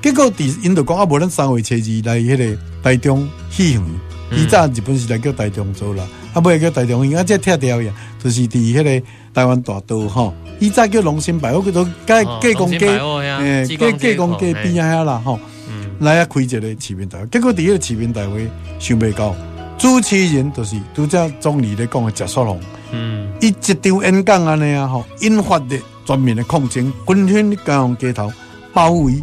結果，地印度講啊，無，咱三位車二嚟，迄個台中戲院。嗯、以早日本時代叫台中做啦，啊唔叫台中，而啊即拆掉啊，就是佇迄個台灣大道。吼、哦。以早叫龍心百貨，佢都公改誒，改、哦，改工改變咗啦。哦嗯、來嗱，開一個市民大會，結果佇迄個市民大會想唔到，主持人就是拄則總理咧講嘅，傑蘇龍，一直演講安尼啊，吼，引發嘅全面嘅抗爭，軍訓加上街頭包圍。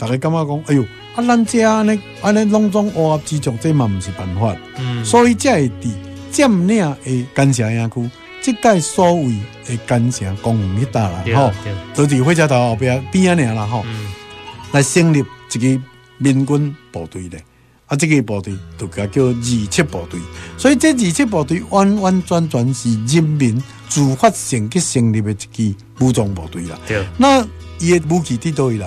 大家感覺講，哎呦，阿、啊、咱家呢，阿呢攏種烏合之眾，即係唔是辦法的，嗯、所以即係喺佔領嘅干城營區，即係所謂的干城公園嗰度啦，嗬、嗯，吼就喺火車頭後邊邊啊，年啦，嗬，嚟成、嗯、立一支民軍部隊咧，嗯、啊，這支、個、部隊就叫做二七部隊，所以這二七部隊完完全全是人民自發性去成立的一支武裝部隊對啦，對那伊嘅武器佗位嚟？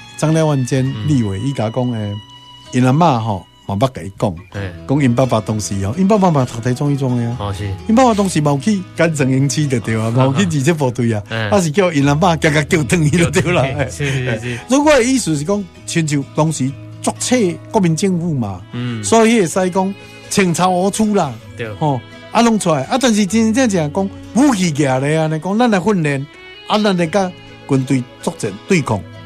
張廖萬堅立委一家講誒，因阿媽吼，冇不甲伊講，講因爸爸當時吼，因爸爸嘛讀頭裝一裝誒呀，因爸爸當時冇去，干政引起着對啊，冇去二七部隊啊，還是叫因阿媽家家叫等伊着對啦。是是是，如果我的意思是講，泉州當時抓車國民政府嘛，所以伊會使講，傾巢而出啦，吼，啊弄出來啊，但是真正正講，武器拿來啊，安尼講咱來訓練，啊咱來甲軍隊作戰對抗。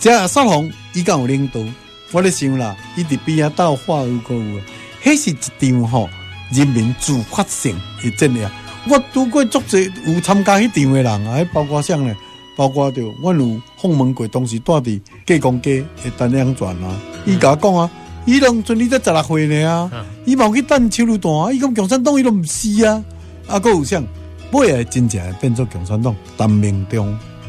這雪紅，伊講有領導，我咧想啦，伊直邊下到化烏溝啊，迄是一場吼，人民自發性嘅戰役。我拄過足濟有參加迄場嘅人啊，包括啥呢？包括着，我有訪問過，當時在地繼光街的單良傳啊。伊甲、嗯、我講啊，伊當初你才十六歲呢啊，伊冇、嗯、去當秋雨啊。伊講共產黨伊都毋死啊。啊，佫有啥？買個真正的變成共產黨，陳明忠。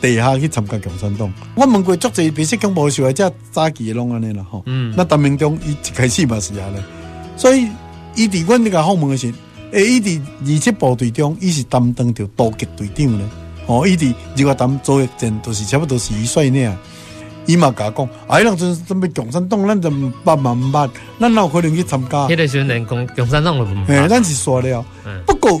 地下去參加共產黨，我問過足多，比識共冇少，或者早期嘅啷安尼啦，嗬。嗯。那譚明忠，伊一開始嘛是安尼，所以，伊哋我呢個後門嘅時候，誒，伊哋二七部隊中，伊是擔當着多級隊長咧，哦，伊哋如果擔做一陣，都、就是差不多是一歲呢，伊嘛假講，哎、啊，嗱陣準備共產黨，咱就八萬八，咱哪有可能去參加。那個時陣連共共產黨，誒，咱是說了，嗯、不過。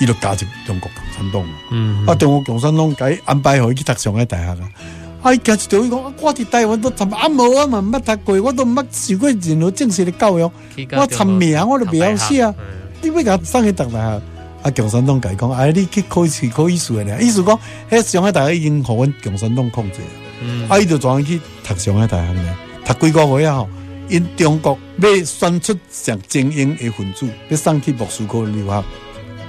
伊著加入中國共產黨、嗯，嗯，啊，中國共產黨甲伊安排互伊去讀上海大學。啊！哎，家就同佢講，我佇台灣都冇啊嘛，毋捌讀過，我都毋捌受過任何正式的教育，我尋命我都袂曉死啊！你欲甲送去讀大學、嗯、啊，共產黨甲伊講，啊，你去考試，考試的倆。嗯、意思講迄上海大學已經互阮，共產黨控制，嗯、啊，佢就怎去讀上海大學呢？讀幾個月啊？因中國要選出上精英嘅分子，要送去莫斯科的留學。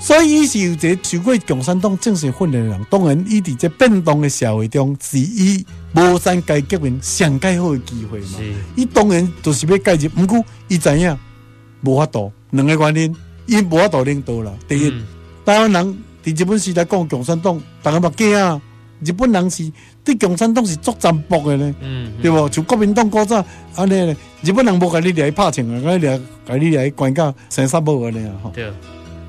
所以，伊是有一個受過共產黨正式訓練的人，當然，伊佇這變動嘅社會中，是伊無產階級革命上蓋好嘅機會嘛。伊是當然就是要介入，毋過，伊知影無法度？兩個原因，因無法度領導啦。嗯、第一，台灣人佇日本時代講共產黨，逐個嘛驚啊！日本人是對共產黨是作戰博嘅咧，嗯嗯、對無？就國民黨過早安尼咧，日本人無甲你掠拍槍啊，甲你掠甲你掠關教生殺無啊咧吼。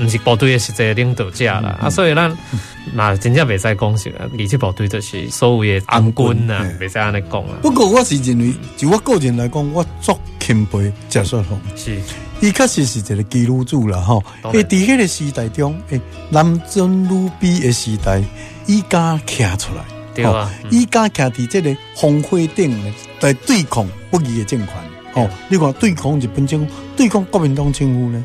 唔是部隊的實際領導者啦，啊所以，咱嗱真正未使講是，二七部隊就是所謂紅軍啊，未使咁講啊。不過，我是認為，就我個人來講，我足欽佩，謝雪紅。是，伊確實是一個奇女子啦，吼，喺啲嗰個時代中，誒，男尊女卑的時代，伊家站出來，對啊，伊家企喺呢個烽火頂，在對抗不義的政權，吼。你看，對抗日本政府，對抗國民黨政府呢。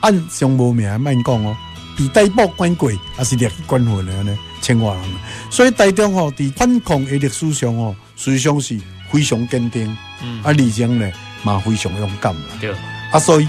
按上無名，唔講哦。第低波軍貴，還是列軍戶嘅呢？青華人，所以台中哦，喺反抗誒歷史上哦，思想是非常堅定，嗯，啊，將軍呢，嘛非常勇敢嘛，對啊，所以。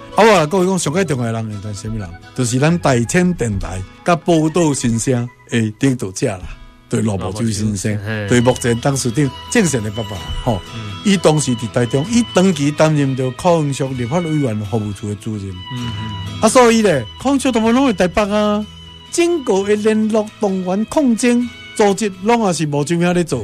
好啊，各位講上海中台人係什麼人？就是咱大清電台及報道先生誒領導者啦，對羅寶昭先生，對目前當時的精神嘅爸爸，吼。伊、嗯、當時喺台中，伊當時擔任着康曉立法委員服務處嘅主任，嗯嗯啊，所以咧，康曉同我會台北啊，整個嘅聯絡動員抗爭組織，攏也是冇正面嚟做。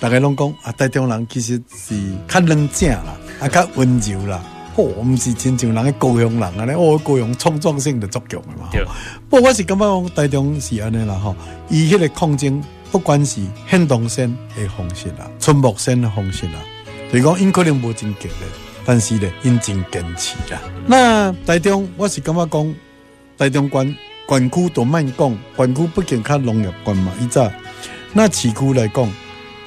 大家攏講啊，台中人其實是比較冷靜啦，啊比較溫柔啦，唔、哦、是親像人嘅高雄人啊，我、哦、高雄創造性就足強啊嘛。不過對我是咁樣講，台中是安尼啦，嗬。而佢個抗爭，不管是行動先嘅風險啦，傳播先嘅風險啦，你講應可能冇戰力，但是咧應真堅持啦。那台中，我是咁樣講，台中管管區都唔係講，管區畢竟卡農業管嘛，依家，那市區來講。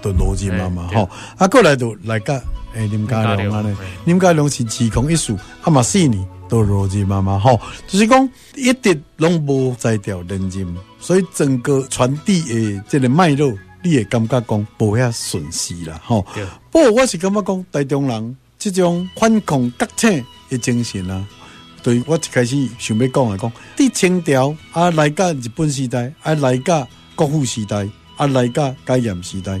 都羅氏媽媽吼，啊，過來到來架，誒，林家龍安尼，林家龍是自功一術，啊，嘛四年都羅氏媽媽吼，就是講一直攏無再調任任，所以整個傳遞嘅即個脈絡，你會感覺講無遐損失啦，吼。對不過我是感覺講，台中人即種反恐得逞嘅精神啦，啊，對我一開始想要講嘅講，佇清朝啊，來甲日本時代，啊來甲國父時代，啊來甲解嚴時代。